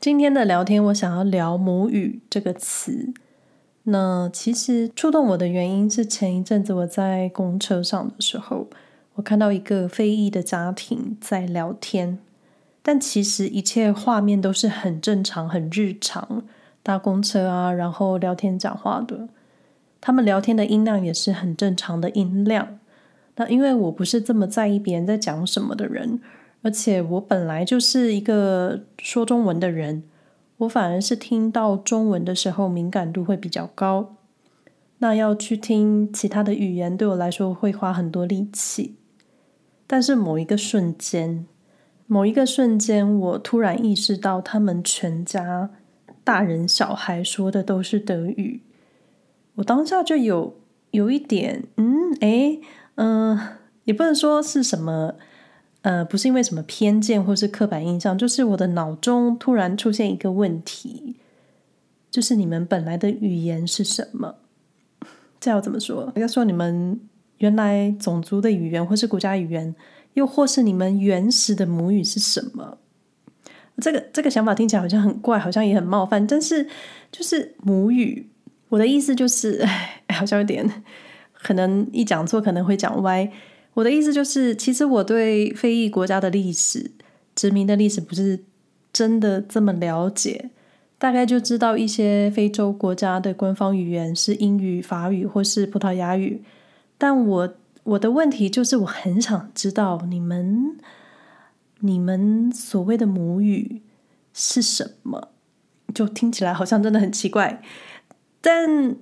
今天的聊天，我想要聊“母語”這個詞。那其實觸動我的原因是，前一陣子我在公車上的時候，我看到一個非裔的家庭在聊天，但其實一切畫面都是很正常、很日常，搭公車啊，然後聊天講話的。他們聊天的音量也是很正常的音量。那因為我不是這麼在意別人在講什麼的人。而且我本來就是一個說中文的人，我反而是聽到中文的時候敏感度會比較高。那要去聽其他的語言，對我來說會花很多力氣。但是某一個瞬間，某一個瞬間，我突然意識到他們全家大人小孩說的都是德語，我當下就有有一點，嗯，誒，嗯，呃，也不能說是什麼。呃，不是因為什麼偏見或是刻板印象，就是我的腦中突然出現一個問題，就是你們本來的語言是什麼？這要怎麼說？要說你們原來種族的語言，或是國家語言，又或是你們原始的母語是什麼？這個這個想法聽起來好像很怪，好像也很冒犯，但是就是母語，我的意思就是，哎，好像有點可能一講錯，可能會講歪。我的意思就是，其實我對非裔國家的歷史、殖民的歷史不是真的這麼了解，大概就知道一些非洲國家的官方語言是英語、法語或是葡萄牙語。但我我的問題就是，我很想知道你們你們所謂的母語是什麼，就聽起來好像真的很奇怪。但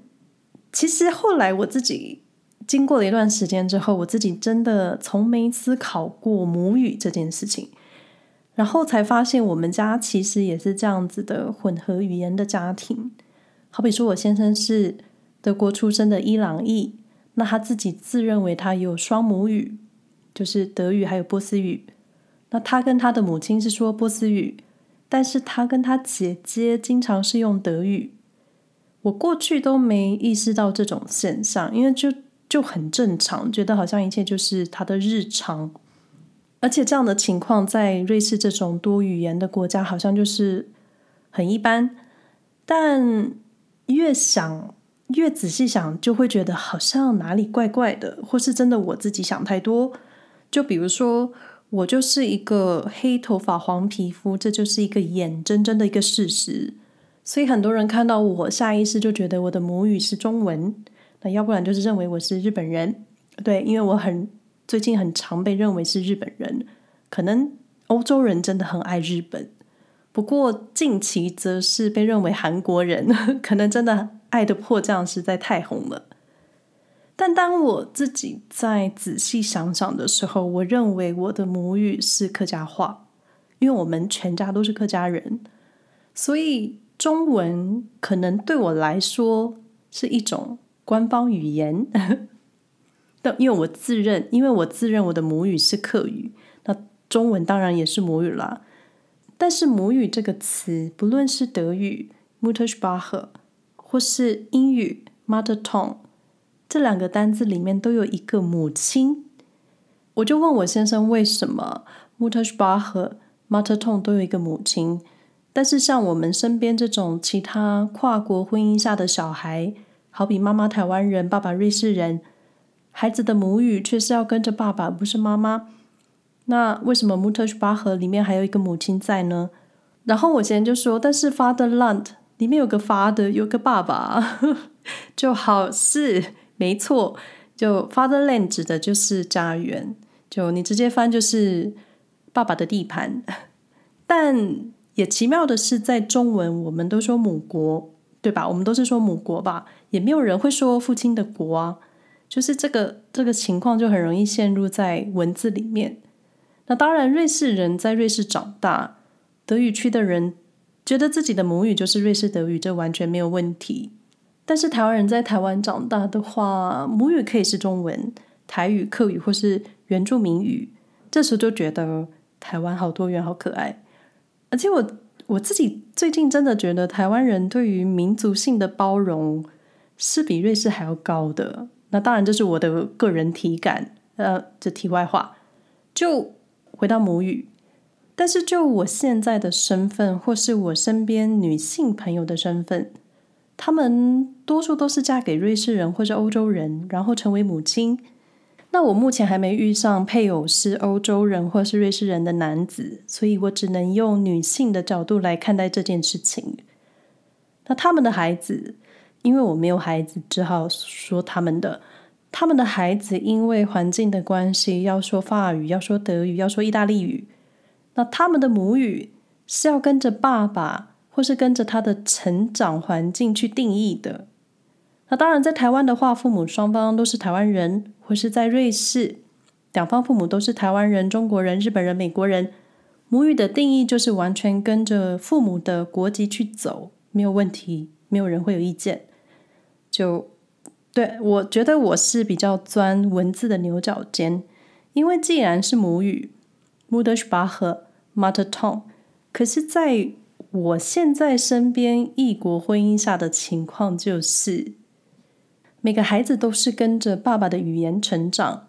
其實後來我自己。經過了一段時間之後，我自己真的從沒思考過母語這件事情，然後才發現我們家其實也是這樣子的混合語言的家庭。好比說我先生是德國出生的伊朗裔，那他自己自認為他有雙母語，就是德語還有波斯語。那他跟他的母親是說波斯語，但是他跟他姐姐經常是用德語。我過去都沒意識到這種現象，因為就。就很正常，覺得好像一切就是他的日常，而且這樣的情況在瑞士這種多語言的國家好像就是很一般。但越想越仔細想，就會覺得好像哪裡怪怪的，或是真的我自己想太多。就比如說，我就是一個黑頭髮、黃皮膚，這就是一個眼睜睜的一個事實。所以很多人看到我，下意識就覺得我的母語是中文。那要不然，就是認為我是日本人，對，因為我很最近很常被認為是日本人。可能歐洲人真的很愛日本，不過近期則是被認為韓國人，可能真的愛的迫降實在太紅了。但當我自己再仔細想想的時候，我認為我的母語是客家話，因為我們全家都是客家人，所以中文可能對我來說是一種。官方語言，但 因為我自認，因為我自認我的母語是客語，那中文當然也是母語啦。但是“母語”這個詞，不論是德語 Muttersprache 或是英語 Mother Tongue 這兩個單字裡面都有一個“母親”。我就問我先生，為什麼 Muttersprache 和 Mother Tongue 都有一個“母親”，但是像我們身邊這種其他跨國婚姻下的小孩？好比媽媽台灣人，爸爸瑞士人，孩子的母語卻是要跟着爸爸，不是媽媽。那為什麼《Muttersprache》裡面還有一個母親在呢？然後我先就說，但是《Fatherland》裡面有個 father，有個爸爸， 就好似沒錯，就《Fatherland》指的就是家園，就你直接翻就是爸爸的地盤。但也奇妙的是，在中文我們都說母國。對吧？我們都是說母國吧，也沒有人會說父親的國啊。就是這個這個情況，就很容易陷入在文字裡面。那當然，瑞士人在瑞士長大，德語區的人覺得自己的母語就是瑞士德語，這完全沒有問題。但是台灣人在台灣長大的話，母語可以是中文、台語、客語或是原住民語，這時候就覺得台灣好多元、好可愛。而且我。我自己最近真的覺得，台灣人對於民族性的包容是比瑞士還要高的。那當然，這是我的個人體感，呃，這題外話。就回到母語，但是就我現在的身份，或是我身邊女性朋友的身份，她們多數都是嫁給瑞士人或是歐洲人，然後成為母親。那我目前還沒遇上配偶是歐洲人或是瑞士人的男子，所以我只能用女性的角度來看待這件事情。那他們的孩子，因為我沒有孩子，只好說他們的。他們的孩子因為環境的關係，要說法語，要說德語，要說意大利語。那他們的母語是要跟着爸爸，或是跟着他的成長環境去定義的。那當然，在台灣的話，父母雙方都是台灣人，或是在瑞士，兩方父母都是台灣人、中國人、日本人、美國人，母語的定義就是完全跟着父母的國籍去走，沒有問題，沒有人會有意見。就對，我覺得我是比較鑽文字的牛角尖，因為既然是母語，Muttersprache、mother tongue，可是在我現在身邊異國婚姻下的情況就是。每個孩子都是跟着爸爸的語言成長，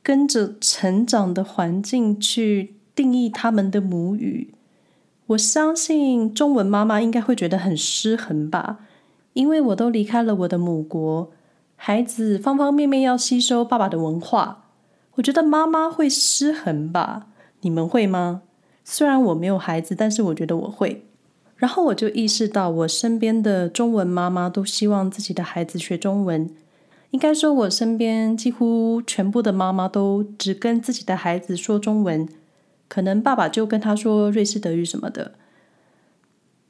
跟着成長的環境去定義他們的母語。我相信中文媽媽應該會覺得很失衡吧，因為我都離開了我的母國，孩子方方面面要吸收爸爸的文化。我覺得媽媽會失衡吧，你們會嗎？雖然我沒有孩子，但是我覺得我會。然後我就意識到，我身邊的中文媽媽都希望自己的孩子學中文。應該說，我身邊幾乎全部的媽媽都只跟自己的孩子說中文，可能爸爸就跟他說瑞士德語什麼的。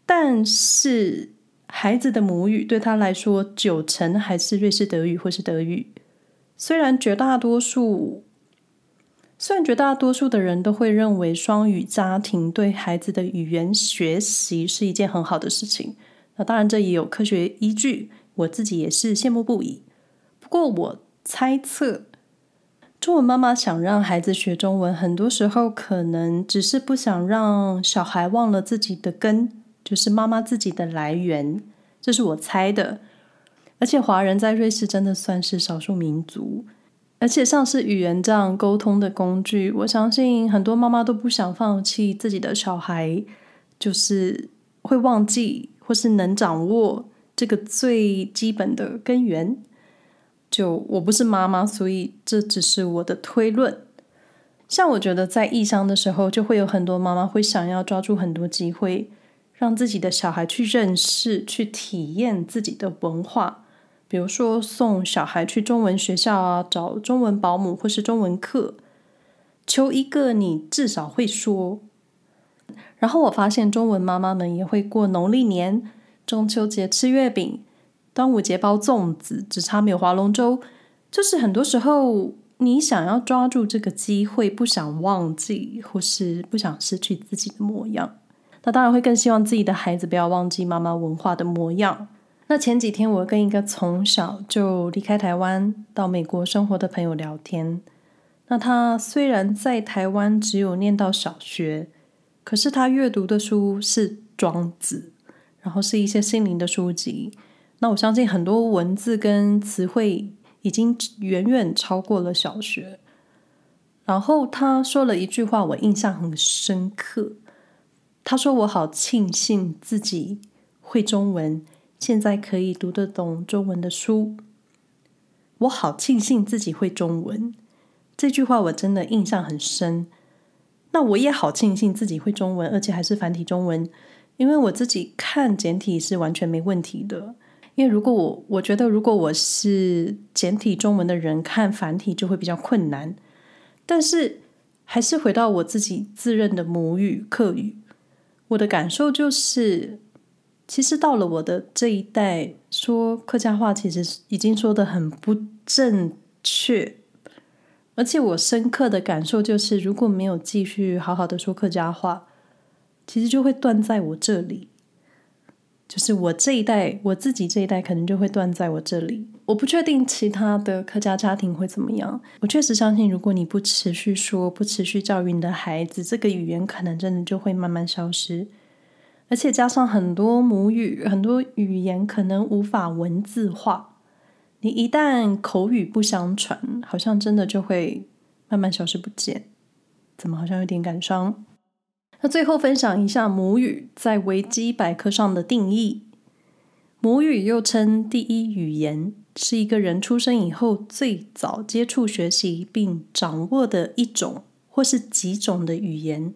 但是孩子的母語對他來說，九成還是瑞士德語或是德語。雖然絕大多數。雖然絕大多數的人都會認為雙語家庭對孩子的語言學習是一件很好的事情，那當然這也有科學依據，我自己也是羨慕不已。不過我猜測，中文媽媽想讓孩子學中文，很多時候可能只是不想讓小孩忘了自己的根，就是媽媽自己的來源，這是我猜的。而且華人在瑞士真的算是少數民族。而且，像是語言這樣溝通的工具，我相信很多媽媽都不想放棄自己的小孩，就是會忘記或是能掌握這個最基本的根源。就我不是媽媽，所以這只是我的推論。像我覺得在異鄉的時候，就會有很多媽媽會想要抓住很多機會，讓自己的小孩去認識、去體驗自己的文化。比如說送小孩去中文學校啊，找中文保姆或是中文課，求一個你至少會說。然後我發現中文媽媽們也會過農曆年、中秋節吃月餅、端午節包粽子，只差沒有划龍舟。就是很多時候你想要抓住這個機會，不想忘記或是不想失去自己的模樣，那當然會更希望自己的孩子不要忘記媽媽文化的模樣。那前幾天，我跟一個從小就離開台灣到美國生活的朋友聊天。那他雖然在台灣只有念到小學，可是他閱讀的書是《莊子》，然後是一些心靈的書籍。那我相信很多文字跟詞彙已經遠遠超過了小學。然後他說了一句話，我印象很深刻。他說：“我好慶幸自己會中文。”現在可以讀得懂中文的書，我好慶幸自己會中文。這句話我真的印象很深。那我也好慶幸自己會中文，而且還是繁體中文，因為我自己看簡體是完全沒問題的。因為如果我，我覺得如果我是簡體中文的人，看繁體就會比較困難。但是還是回到我自己自認的母語客語，我的感受就是。其實到了我的這一代，說客家話其實已經說得很不正確，而且我深刻的感受就是，如果沒有繼續好好的說客家話，其實就會斷在我這裡，就是我這一代，我自己這一代可能就會斷在我這裡。我不確定其他的客家家庭會怎麼樣。我確實相信，如果你不持續說，不持續教育你的孩子，這個語言可能真的就會慢慢消失。而且加上很多母語，很多語言可能無法文字化。你一旦口語不相傳，好像真的就會慢慢消失不見。怎麼好像有點感傷？那最後分享一下母語在維基百科上的定義：母語又稱第一語言，是一個人出生以後最早接觸、學習並掌握的一種或是幾種的語言。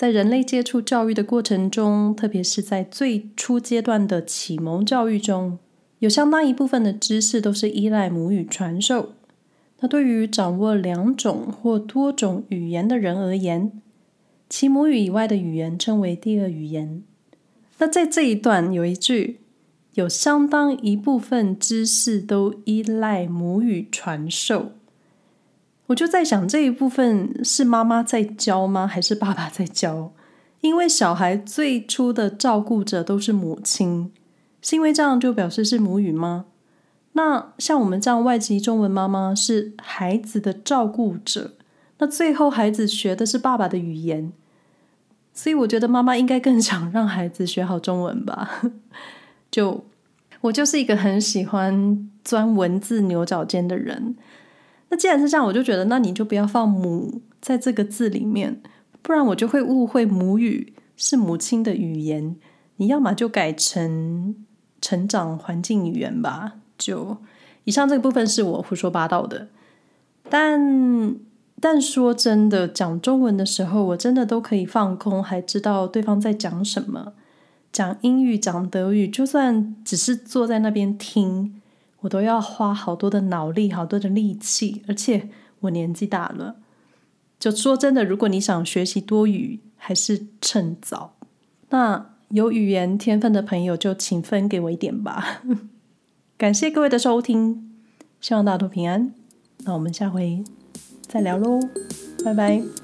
在人類接觸教育的過程中，特別是在最初階段的啟蒙教育中，有相當一部分的知識都是依賴母語傳授。那對於掌握兩種或多種語言的人而言，其母語以外的語言稱為第二語言。那在這一段有一句，有相當一部分知識都依賴母語傳授。我就在想，這一部分是媽媽在教嗎？還是爸爸在教？因為小孩最初的照顧者都是母親，是因為這樣就表示是母語嗎？那像我們這樣外籍中文媽媽是孩子的照顧者，那最後孩子學的是爸爸的語言，所以我覺得媽媽應該更想讓孩子學好中文吧。 就我就是一個很喜歡鑽文字牛角尖的人。那既然是這樣，我就覺得那你就不要放“母”在這個字裡面，不然我就會誤會母語是母親的語言。你要麼就改成成長環境語言吧。就以上這個部分是我胡說八道的。但但說真的，講中文的時候，我真的都可以放空，還知道對方在講什麼。講英語、講德語，就算只是坐在那邊聽。我都要花好多的腦力，好多的力氣，而且我年紀大了。就說真的，如果你想學習多語，還是趁早。那有語言天分的朋友，就請分給我一點吧。 感謝各位的收聽，希望大家都平安。那我們下回再聊嘍，拜拜。